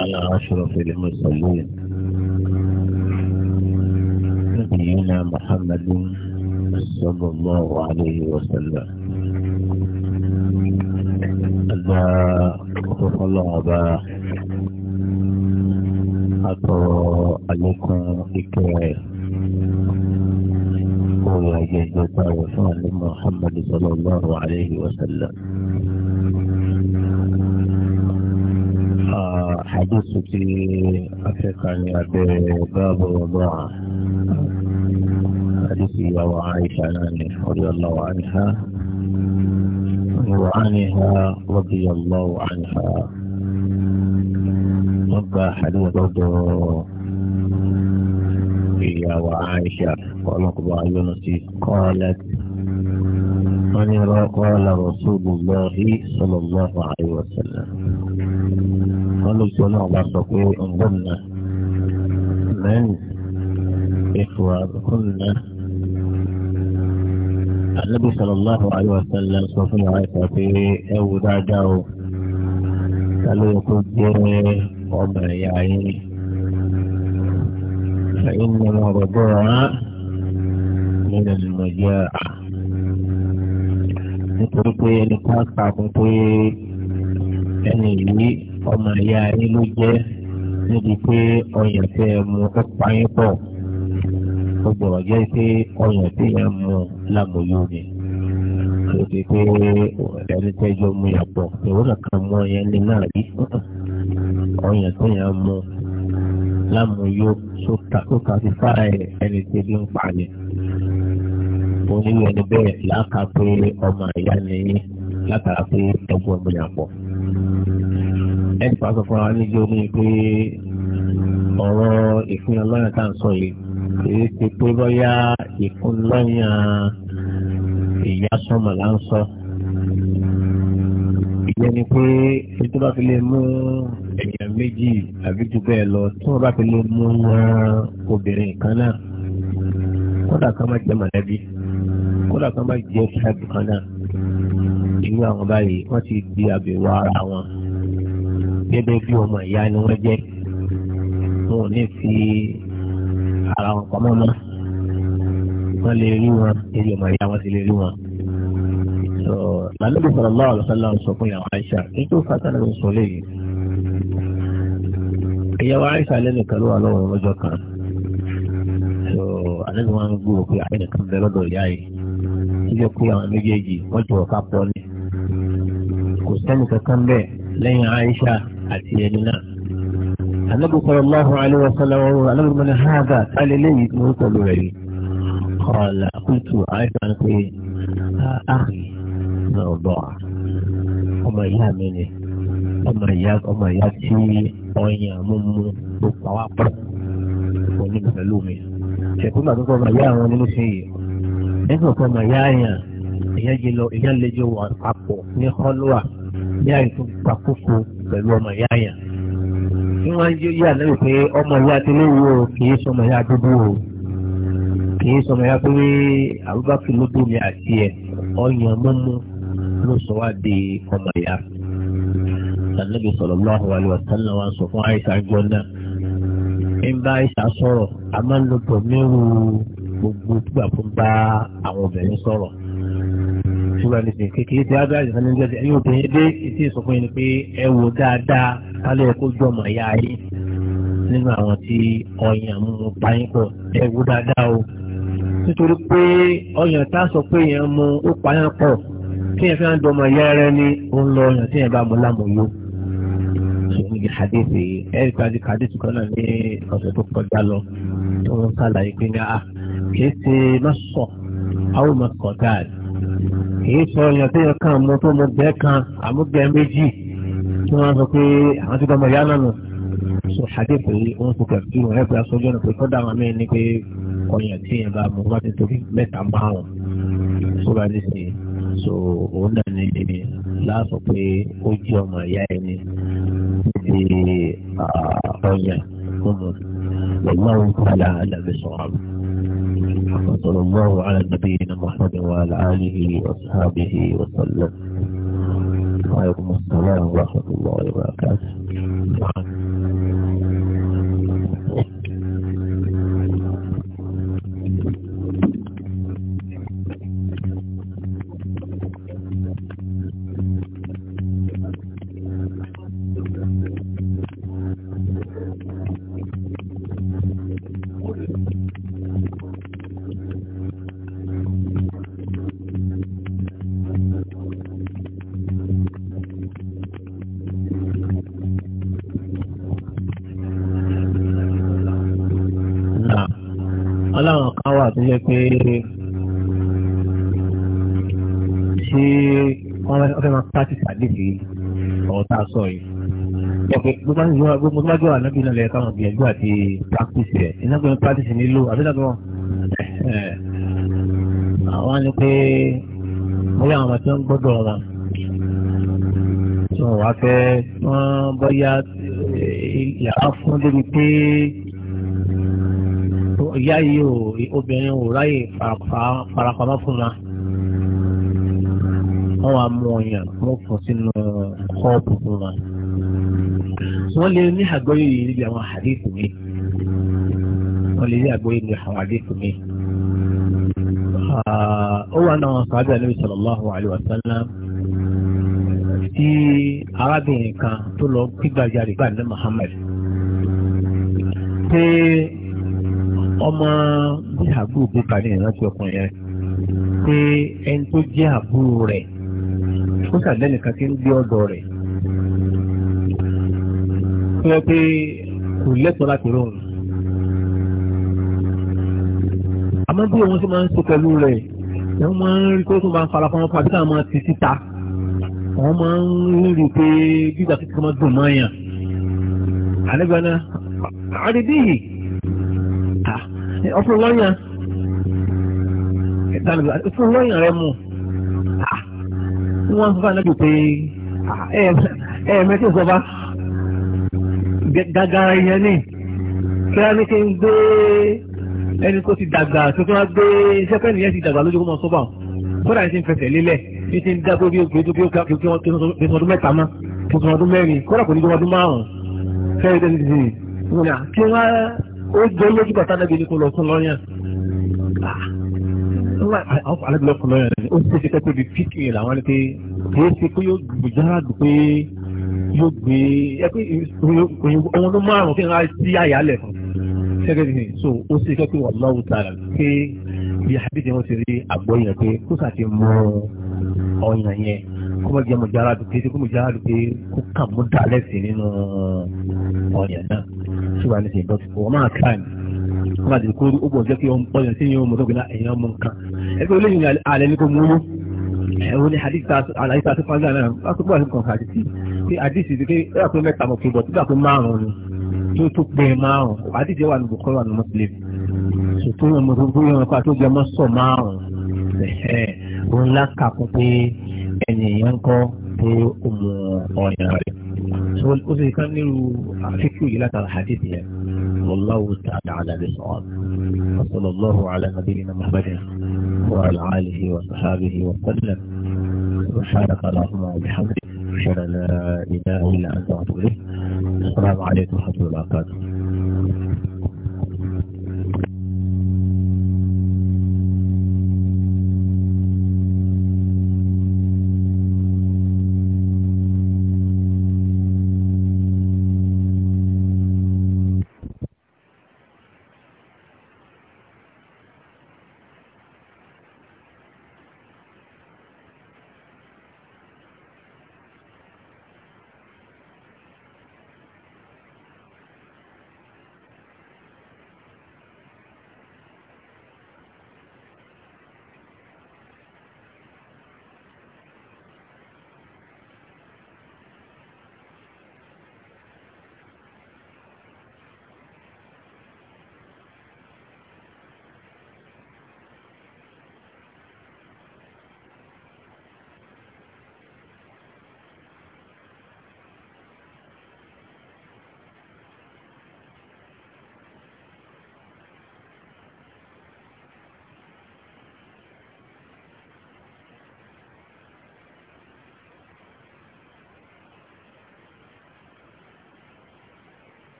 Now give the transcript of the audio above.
على أشرف المرسلين نبينا محمد صلى الله عليه وسلم أدى أخوف الله أبا أتو عليكم إكرار ويجب أن محمد صلى الله عليه وسلم حديث في أفريقيا يعني باب وضاع حديث أبو عائشة رضي الله عنها وعنها رضي الله عنها ربى حديث برضه هي وعائشة ونقضى يونسي قالت من قال رسول الله صلى الله عليه وسلم ṣùgbọ́n ló gbọ́ náà bá sọ pé ọ̀gbọ́nà mẹ́rin ẹ̀fọ́ àbùkùnà. Ànábì sallallahu alaihi wa sallam sọ fún wa ẹ̀fọ́ pé ẹ wù dáadáa o. Kálí ẹ̀kú jẹ́ ọmọ ẹ̀yà yín. Fẹ̀yìn ni mo rọ̀ nínú ìmọ̀jẹ́ à. Nítorí pé ẹni kan kà pé ẹni yìí ọmọ ìyá yín ló jẹ́ níbi pé ọyàn tẹ́ ẹ mu ó pa yín pọ̀ ó gbọ́dọ̀ jẹ́ pé ọyàn tẹ́ ẹ mu lámòyó ni ó ti pé ẹni tẹ́jọ́ mu yà pọ̀ ìwọ nìkan mú ọyàn ní náà rí ọyàn tẹ́ ẹ mu lámòyó sókà sókà ti fára ẹni tẹ́ bí ń pa ni onílù ẹni bẹ́ẹ̀ làákà pé ọmọ ìyá ni yín látara pé ẹgbẹ́ ọmọ yà pọ̀ ẹ ti pàṣẹ fún wa níjó ní pé mm, ọ̀rọ̀ ìfún ọlọ́yàn tá à ń sọ yìí èyí ti pé bọ́yá ìfún lọ́yàn mm, ìyá sọmọ là ń sọ. ìyẹn ni pé ètò bá fi lè mú èèyàn méjì àbí jù bẹ́ẹ̀ lọ tí wọ́n bá fi lè mú obìnrin kan náà kódà kan má jẹ mọ̀lẹ́bí kódà kan má jẹ ṣáàbù kan náà irú àwọn báyìí wọ́n ti di àbẹ̀wò ara wọn gẹ́gẹ́ bí ọmọ ìyá ni wọ́n jẹ́ wọn ò ní fi ara wọn pamọ́ mọ́ wọ́n lè rí wọn eré ọmọ ìyá wọn sì lè rí wọn. lànà ìbùsọ̀rọ̀ lọ́wọ́ àlùfáà sọ fún ìyàwó Aisha nítorí fatana ló sọ léyìí. ìyàwó Aisha lẹ́nu kẹlú wà lọ́wọ́ lọ́jọ́ kan. àlejò wọn ń gbúrò pé àbẹ̀nìkan bẹ lọ́dọ̀ ìyá yìí. síbẹ̀ pé àwọn méjèèjì wọ́n jọ ká pọ̀ ni. kò sẹ́ni kankan bẹ́ẹ̀ lẹ́yìn Aisha àti ẹni náà. Ànábì sallallahu alaihi wa sallam Ànábì mọ́ni háàbà tálẹ́ lẹ́yìn tí wọ́n pẹ̀lú rẹ̀ yìí. Kọ́ọ̀lá kútù àìsàn pé àárín náà bọ̀ ọmọ ìyá mi ni ọmọ ìyá ọmọ ìyá tí ọyàn múmú tó pàwá pọ̀ òní pẹ̀lú mi. Ṣèkú tó kọ́ ọmọ ìyá àwọn nínú sí yìí. Nígbà tó ọmọ ìyá àyàn ìyá jẹ lọ ìyá lẹjọ wà papọ̀ ní họ́lúwà ní àìsàn pàkókò pẹ̀lú ọmọ ìyá yẹn tí wọ́n yé yà náà pé ọmọ ìyá tó léwu o kì í sọmọ ìyá dúdú o kì í sọmọ ìyá pé Abubakar ló dé mi àti ẹ ọyàn mímú ló sọ wá di ọmọ ìyá sanabi sallallahu alaihi wa sallam wa sọ fún àyíká gbọ náà ń bá àyíká sọ̀rọ̀ a máa ń lo pọ̀ mẹ́rù gbogbo gbà fún bá àwọn obìnrin sọ̀rọ̀ ṣùgbọ́n ní sèké kí ti ábẹ́ àjẹsán ní jẹ́ ẹ̀yìn obìnrin dé etí ìsọfún yìí ni pé ẹ wò dáadáa kálẹ̀ kó jọmọ ya yín nínú àwọn tí ọyàn mú un báyìí pọ̀ ẹ wò dáadáa o nítorí pé ọyàn tá a sọ pé yẹn mú ó pààyàn pọ̀ kí yẹn fi hàn dọmọ ya rẹ ní òun lọ ọyàn tí yẹn bá mú lámòyó níbi hadithi ẹ̀rí pàdé hadithi kan náà ní ọ̀sẹ̀ tó kọjá lọ tó ń sàlàyé pé ní a ah, kìí ṣe má sọ àwọn ọmọ kọ̀ọ̀dáàdì kìí sọ èèyàn tó yẹ kàn mú tó mú bẹ́ẹ̀ kan àmúgbẹ́ méjì tí wọ́n sọ pé àwọn ti gbọmọ ìyá náà nù sọ adé pé wọ́n ti kẹ̀ sí wọn ẹ̀ pé aṣojú ọ̀nà pé tó dà wọn mí ni pé ọyàn tí yẹn bá mú wọn ti tóbi mẹ́ta ń tó bá ní sè so òun náà ní ibi láàfọ̀ pé ó jẹ́ ọmọ ìyá ẹni ti ọyàn fún mi lẹ́gbọ́n òun kọ́lá àdàbẹ̀sọ̀rọ̀ وصلى الله على نبينا محمد وعلى آله وأصحابه وسلم وعليكم السلام ورحمة الله وبركاته tó jẹ́ pé ṣé wọ́n fẹ́ máa practice àdéhùn ọ̀tá sọ yìí. Ọ̀pẹ̀ gbogbo bá jọ ànábì náà lẹ́yìn káwọn gbìyànjú àti practice rẹ̀. Iná gbọ́dọ̀ practice nílò àbílẹ̀ gbọ́n. Àwọn á ní pé bóyá àwọn ọmọ tí wọ́n gbọ́dọ̀ wọn. Tí wọ́n wá fẹ́ wọ́n bóyá eh, yàrá fún débi pé ìyá yìí ò obìnrin ò ráyè farapamọ́ fún wa wọ́n wá mú ọyàn wọ́n fún sínú kọ́ọ̀pù fún wa wọ́n lè ní àgbọ́yé yìí níbi àwọn àdéhùn mi wọ́n lè ní àgbọ́yé níbi àwọn àdéhùn mi ó wà náà sàábì ànábì sallallahu alaihi wa sallam tí arábìnrin kan tó lọ gbígbàjarì bá ní Muhammad pé ọmọ bí àbúrò bí kàní ìrántí ọkùnrin yẹn pé ẹni tó jẹ́ àbúrò rẹ̀ ó ṣàdẹ́nìkan tí ń gbé ọ̀dọ̀ rẹ̀ tó yẹ pé kò lẹ́tọ̀ọ́ láti rọrùn. àmọ́ bí wọ́n ṣe máa ń ṣe pẹ̀lú rẹ̀ wọ́n máa ń rí pé tó máa ń fara pamọ́ pàdé káwọn máa ti síta wọ́n máa ń rí pé bí ìgbà tó ti máa dùn mọ́ yàn. àlẹ́ gbọ́dọ̀ àdídìyì ọ̀fun lọ́yàn ọ̀fun lọ́yàn rẹ mu ah, wọ́n fún anábì pé ah, ẹ̀ẹ̀mẹ́tò sọba gàgàrà yẹn ni kí á ní kí n gbé ẹni tó ti dàgbà tó tó wá gbé sẹ́kẹ́ndì yẹn ti dàgbà lójú kó mọ sọ́bà fúnra yẹn ti ń fẹsẹ̀ lélẹ̀ ní ti ń dá tó bí ó gbé tó ọdún mẹ́ta mọ́ tuntun ọdún mẹ́rin kọ́dà kò ní tó ọdún márùn-ún fẹ́ẹ́ tẹ́lẹ̀ tẹ́lẹ̀ kí wọ́n ó jẹ́ lójú bàtà nàbí ní kò lọ fún lọ́yàn alábìlẹ̀ ah. ah, fún lọ́yàn ni ó ṣe ṣe kẹ́kọ̀ọ́ di píkì làwọn ni pé kò ṣe pé yóò gbòjára dùn pé yóò gbé ẹ pé òun ló márùn kí n sí àyálẹ̀ fún ṣẹ́gẹ́dì ni so ó ṣe kẹ́kọ̀ọ́ wà lọ́wọ́ tààrà pé bí àbíjẹ́ wọn ti rí àgbọ̀yàn pé kó sàti mọ ọyàn yẹn kọ́mọ jẹ́ mọ̀jára dùn pé kó mọ̀jára dùn pé kó kà mú dalẹ̀ sí nínú ọyàn náà ṣùgbọ́n ní but bọ́ wọ́n máa kíra ní wọ́n máa ti kó ó bọ̀ jẹ́ pé wọ́n bọ́ sí yẹn mọ́tò gbìnà èèyàn mú nǹkan ẹgbẹ́ olóyìn alẹ́ ní kò mú mú ẹ̀wọ́n ní hadith àlàyé tá a ti fọ́n gbà náà wọ́n tó bọ̀ sí kọ̀ọ̀kan àti tí pé hadith ti pé ó yà pé mẹ́ta mọ̀ pé bọ̀ tó márùn-ún ni tó tó pé márùn-ún hadith wà ní bùkọ́ wà ní mọ́tìlẹ́ ṣètò yẹn mọ́tò tó yẹn pa tó jẹ mọ́sọ márùn-ún òun lákàkún pé ó sì kán nírú àfikù yìí látara hadith yẹn lọ́láwù tààdà àdàbí sọ́ọ́d ọ̀sọ̀lọ́lọ́hù alàmàdé nínú mahamadin wà láàlìhì wà sàhábìhì wà sọ́dílẹ̀ سبحانك اللهم وبحمدك اشهد ان لا اله الا انت واتوب اليك السلام عليكم ورحمه الله وبركاته